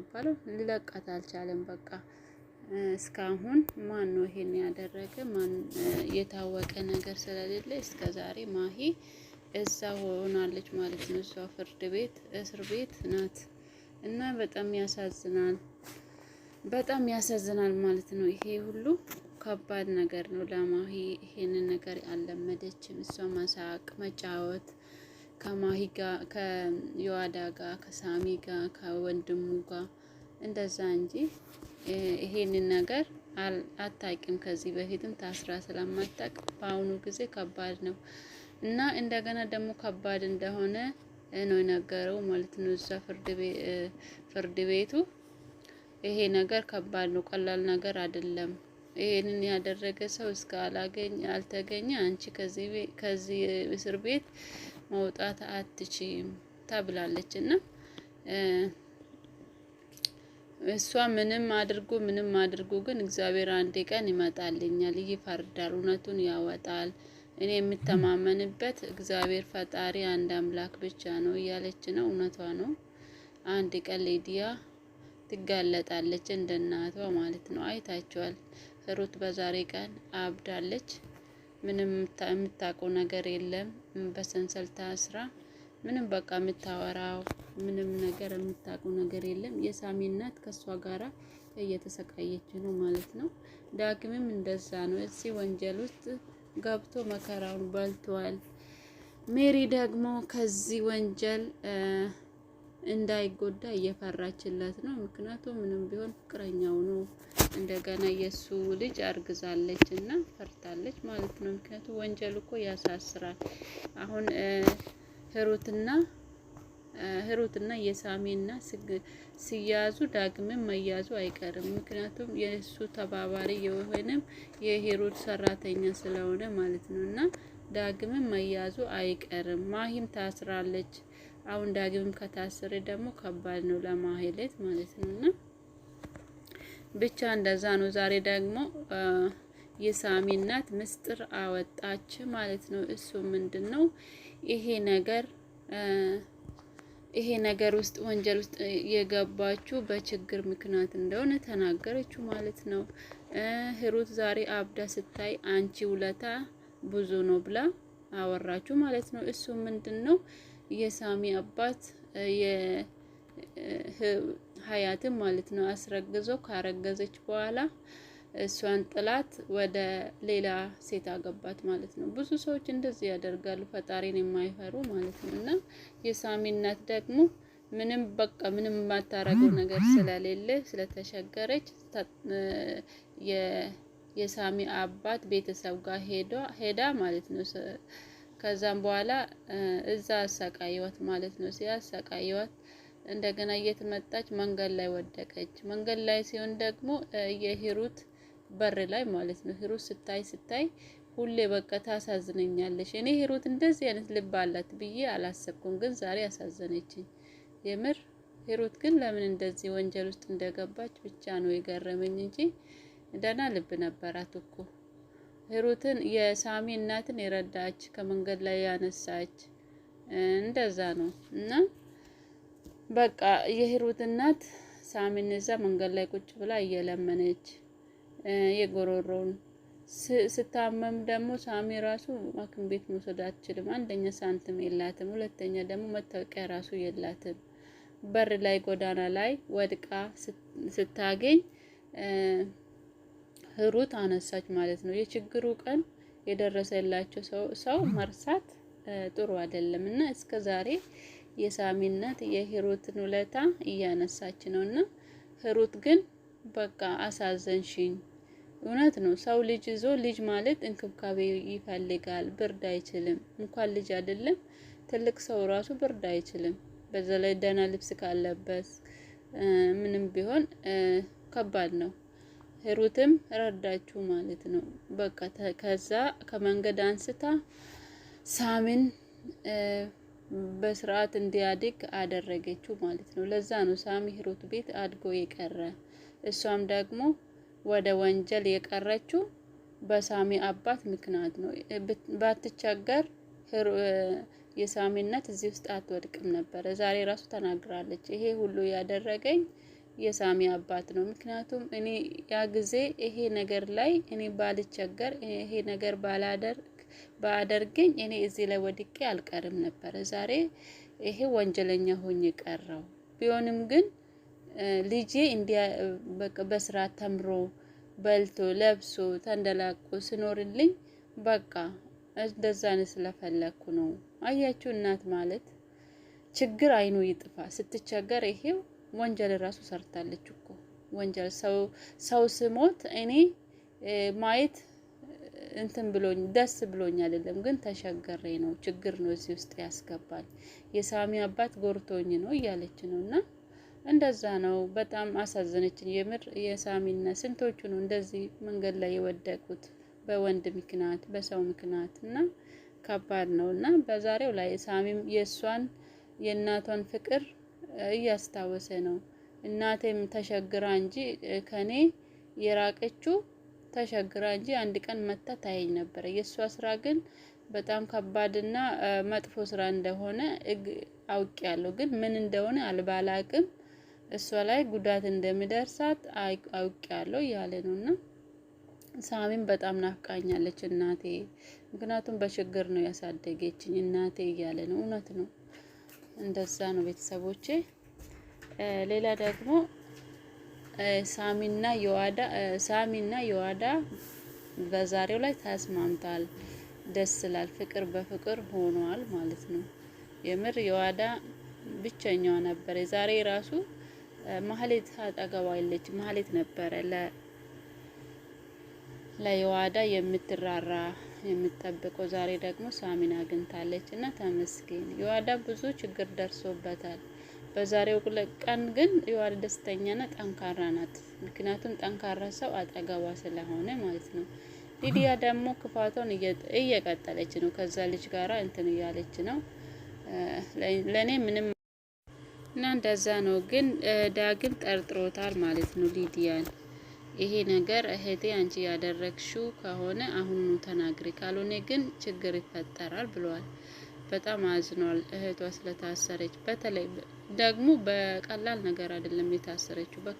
የሚባለው ሊለቃት አልቻለም። በቃ እስካሁን ማን ነው ይሄን ያደረገ? ማን የታወቀ ነገር ስለሌለ እስከ ዛሬ ማሂ እዛ ሆናለች ማለት ነው። እሷ ፍርድ ቤት እስር ቤት ናት እና በጣም ያሳዝናል። በጣም ያሳዝናል ማለት ነው። ይሄ ሁሉ ከባድ ነገር ነው ለማሂ። ይሄንን ነገር አልለመደችም። እሷ ማሳቅ፣ መጫወት ከማሂ ጋር ከዮዋዳ ጋር ከሳሚ ጋር ከወንድሙ ጋር እንደዛ እንጂ ይሄንን ነገር አታቂም። ከዚህ በፊትም ታስራ ስለማታቅ በአሁኑ ጊዜ ከባድ ነው እና እንደገና ደግሞ ከባድ እንደሆነ ነው የነገረው ማለት ነው። እዛ ፍርድ ቤቱ ይሄ ነገር ከባድ ነው፣ ቀላል ነገር አይደለም። ይሄንን ያደረገ ሰው እስከ አላገኝ አልተገኘ አንቺ ከዚህ እስር ቤት መውጣት አትችም ተብላለች እና እሷ ምንም አድርጎ ምንም አድርጎ ግን እግዚአብሔር አንድ ቀን ይመጣልኛል፣ ይፈርዳል፣ እውነቱን ያወጣል። እኔ የምተማመንበት እግዚአብሔር ፈጣሪ አንድ አምላክ ብቻ ነው እያለች ነው። እውነቷ ነው። አንድ ቀን ሌዲያ ትጋለጣለች፣ እንደ እናቷ ማለት ነው። አይታችኋል። ሩት በዛሬ ቀን አብዳለች። ምንም የምታውቀው ነገር የለም። በሰንሰልታ ስራ ምንም በቃ የምታወራው ምንም ነገር የምታውቀው ነገር የለም። የሳሚ እናት ከእሷ ጋራ እየተሰቃየች ነው ማለት ነው። ዳግምም እንደዛ ነው። እዚህ ወንጀል ውስጥ ገብቶ መከራውን በልቷል። ሜሪ ደግሞ ከዚህ ወንጀል እንዳይጎዳ እየፈራችለት ነው። ምክንያቱም ምንም ቢሆን ፍቅረኛው ነው። እንደገና የእሱ ልጅ አርግዛለች እና ፈርታለች ማለት ነው። ምክንያቱም ወንጀል እኮ ያሳስራል። አሁን ህሩትና ህሩትና የሳሜና ሲያዙ ዳግምም መያዙ አይቀርም። ምክንያቱም የእሱ ተባባሪ የሆነም የሄሮድ ሰራተኛ ስለሆነ ማለት ነው እና ዳግምም መያዙ አይቀርም። ማሂም ታስራለች። አሁን ዳግም ከታስሬ ደግሞ ከባድ ነው ለማህሌት ማለት ነውና ብቻ እንደዛ ነው። ዛሬ ደግሞ የሳሚ እናት ምስጢር አወጣች ማለት ነው። እሱ ምንድን ነው ይሄ ነገር ይሄ ነገር ውስጥ ወንጀል ውስጥ የገባችው በችግር ምክንያት እንደሆነ ተናገረችው ማለት ነው። ህሩት ዛሬ አብዳ ስታይ አንቺ ውለታ ብዙ ነው ብላ አወራችሁ ማለት ነው። እሱ ምንድን ነው የሳሚ አባት ሀያትን ማለት ነው አስረግዞ ካረገዘች በኋላ እሷን ጥላት ወደ ሌላ ሴት አገባት ማለት ነው። ብዙ ሰዎች እንደዚህ ያደርጋሉ፣ ፈጣሪን የማይፈሩ ማለት ነው። እና የሳሚ እናት ደግሞ ምንም በቃ ምንም የማታረገው ነገር ስለሌለ ስለተሸገረች የሳሚ አባት ቤተሰብ ጋር ሄዳ ማለት ነው ከዛም በኋላ እዛ አሰቃየዋት ማለት ነው። ሲያሰቃየዋት እንደገና እየተመጣች መንገድ ላይ ወደቀች። መንገድ ላይ ሲሆን ደግሞ የሂሩት በር ላይ ማለት ነው። ሂሩት ስታይ ስታይ ሁሌ በቃ ታሳዝነኛለች። እኔ ሂሩት እንደዚህ አይነት ልብ አላት ብዬ አላሰብኩም፣ ግን ዛሬ አሳዘነችኝ የምር። ሂሩት ግን ለምን እንደዚህ ወንጀል ውስጥ እንደገባች ብቻ ነው የገረመኝ እንጂ ደህና ልብ ነበራት እኮ። ሂሩትን የሳሚ እናትን የረዳች ከመንገድ ላይ ያነሳች እንደዛ ነው እና በቃ የሂሩት እናት ሳሚን እዛ መንገድ ላይ ቁጭ ብላ እየለመነች የጎሮሮን ስታመም ደግሞ ሳሚ ራሱ ሐኪም ቤት መውሰድ አትችልም። አንደኛ ሳንቲም የላትም፣ ሁለተኛ ደግሞ መታወቂያ ራሱ የላትም። በር ላይ ጎዳና ላይ ወድቃ ስታገኝ ሩት አነሳች ማለት ነው። የችግሩ ቀን የደረሰላቸው ሰው መርሳት ጥሩ አይደለም እና እስከ ዛሬ የሳሚነት የሂሩትን ውለታ እያነሳች ነው እና ህሩት ግን በቃ አሳዘንሽኝ። እውነት ነው። ሰው ልጅ ይዞ ልጅ ማለት እንክብካቤ ይፈልጋል። ብርድ አይችልም። እንኳን ልጅ አይደለም ትልቅ ሰው ራሱ ብርድ አይችልም። በዛ ላይ ደህና ልብስ ካለበት ምንም ቢሆን ከባድ ነው። ሄሩትም ረዳችሁ ማለት ነው። በቃ ከዛ ከመንገድ አንስታ ሳሚን በስርዓት እንዲያድግ አደረገችው ማለት ነው። ለዛ ነው ሳሚ ሄሩት ቤት አድጎ የቀረ እሷም ደግሞ ወደ ወንጀል የቀረችው በሳሚ አባት ምክንያት ነው። ባትቸገር የሳሚነት እዚህ ውስጥ አትወድቅም ነበረ። ዛሬ ራሱ ተናግራለች። ይሄ ሁሉ ያደረገኝ የሳሚ አባት ነው። ምክንያቱም እኔ ያ ጊዜ ይሄ ነገር ላይ እኔ ባልቸገር ይሄ ነገር ባላደርግ ባደርገኝ እኔ እዚህ ላይ ወድቄ አልቀርም ነበረ። ዛሬ ይሄ ወንጀለኛ ሆኜ ቀረው። ቢሆንም ግን ልጄ እንዲያ በስራ ተምሮ በልቶ ለብሶ ተንደላቆ ስኖርልኝ በቃ እንደዛን ስለፈለኩ ነው። አያችሁ እናት ማለት ችግር አይኑ ይጥፋ ስትቸገር ይሄው ወንጀል ራሱ ሰርታለች እኮ ወንጀል ሰው ስሞት እኔ ማየት እንትን ብሎኝ ደስ ብሎኝ አይደለም፣ ግን ተሸገሬ ነው። ችግር ነው እዚህ ውስጥ ያስገባል። የሳሚ አባት ጎርቶኝ ነው እያለች ነው። እና እንደዛ ነው። በጣም አሳዘነችን የምር የሳሚና ስንቶቹ ነው እንደዚህ መንገድ ላይ የወደቁት በወንድ ምክንያት በሰው ምክንያት እና ከባድ ነው። እና በዛሬው ላይ ሳሚም የእሷን የእናቷን ፍቅር እያስታወሰ ነው። እናቴም ተሸግራ እንጂ ከኔ የራቀችው ተሸግራ እንጂ አንድ ቀን መታ ታየኝ ነበረ። የእሷ ስራ ግን በጣም ከባድና መጥፎ ስራ እንደሆነ አውቅ ያለው ግን ምን እንደሆነ አልባላቅም። እሷ ላይ ጉዳት እንደሚደርሳት ያለው እያለ ነው እና ሳሚን በጣም ናፍቃኛለች እናቴ፣ ምክንያቱም በችግር ነው ያሳደገችኝ እናቴ እያለ ነው። እውነት ነው። እንደዛ ነው ቤተሰቦቼ። ሌላ ደግሞ ሳሚና የዋዳ ሳሚና የዋዳ በዛሬው ላይ ተስማምተዋል። ደስ ይላል። ፍቅር በፍቅር ሆኗል ማለት ነው። የምር የዋዳ ብቸኛዋ ነበር። የዛሬ ራሱ ማህሌት አጠገቧ የለች። ማህሌት ነበረ ለየዋዳ የምትራራ የምጠብቀው። ዛሬ ደግሞ ሳሚን አግኝታለች እና ተመስገን። የዋዳ ብዙ ችግር ደርሶበታል። በዛሬው ቀን ግን የዋዳ ደስተኛና ጠንካራ ናት። ምክንያቱም ጠንካራ ሰው አጠገቧ ስለሆነ ማለት ነው። ሊዲያ ደግሞ ክፋቷን እየቀጠለች ነው። ከዛ ልጅ ጋራ እንትን እያለች ነው። ለእኔ ምንም እና እንደዛ ነው። ግን ዳግም ጠርጥሮታል ማለት ነው ሊዲያን ይሄ ነገር እህቴ አንቺ ያደረግሽው ከሆነ አሁኑ ተናግሪ፣ ካልሆነ ግን ችግር ይፈጠራል ብለዋል። በጣም አዝኗል እህቷ ስለታሰረች። በተለይ ደግሞ በቀላል ነገር አይደለም የታሰረችው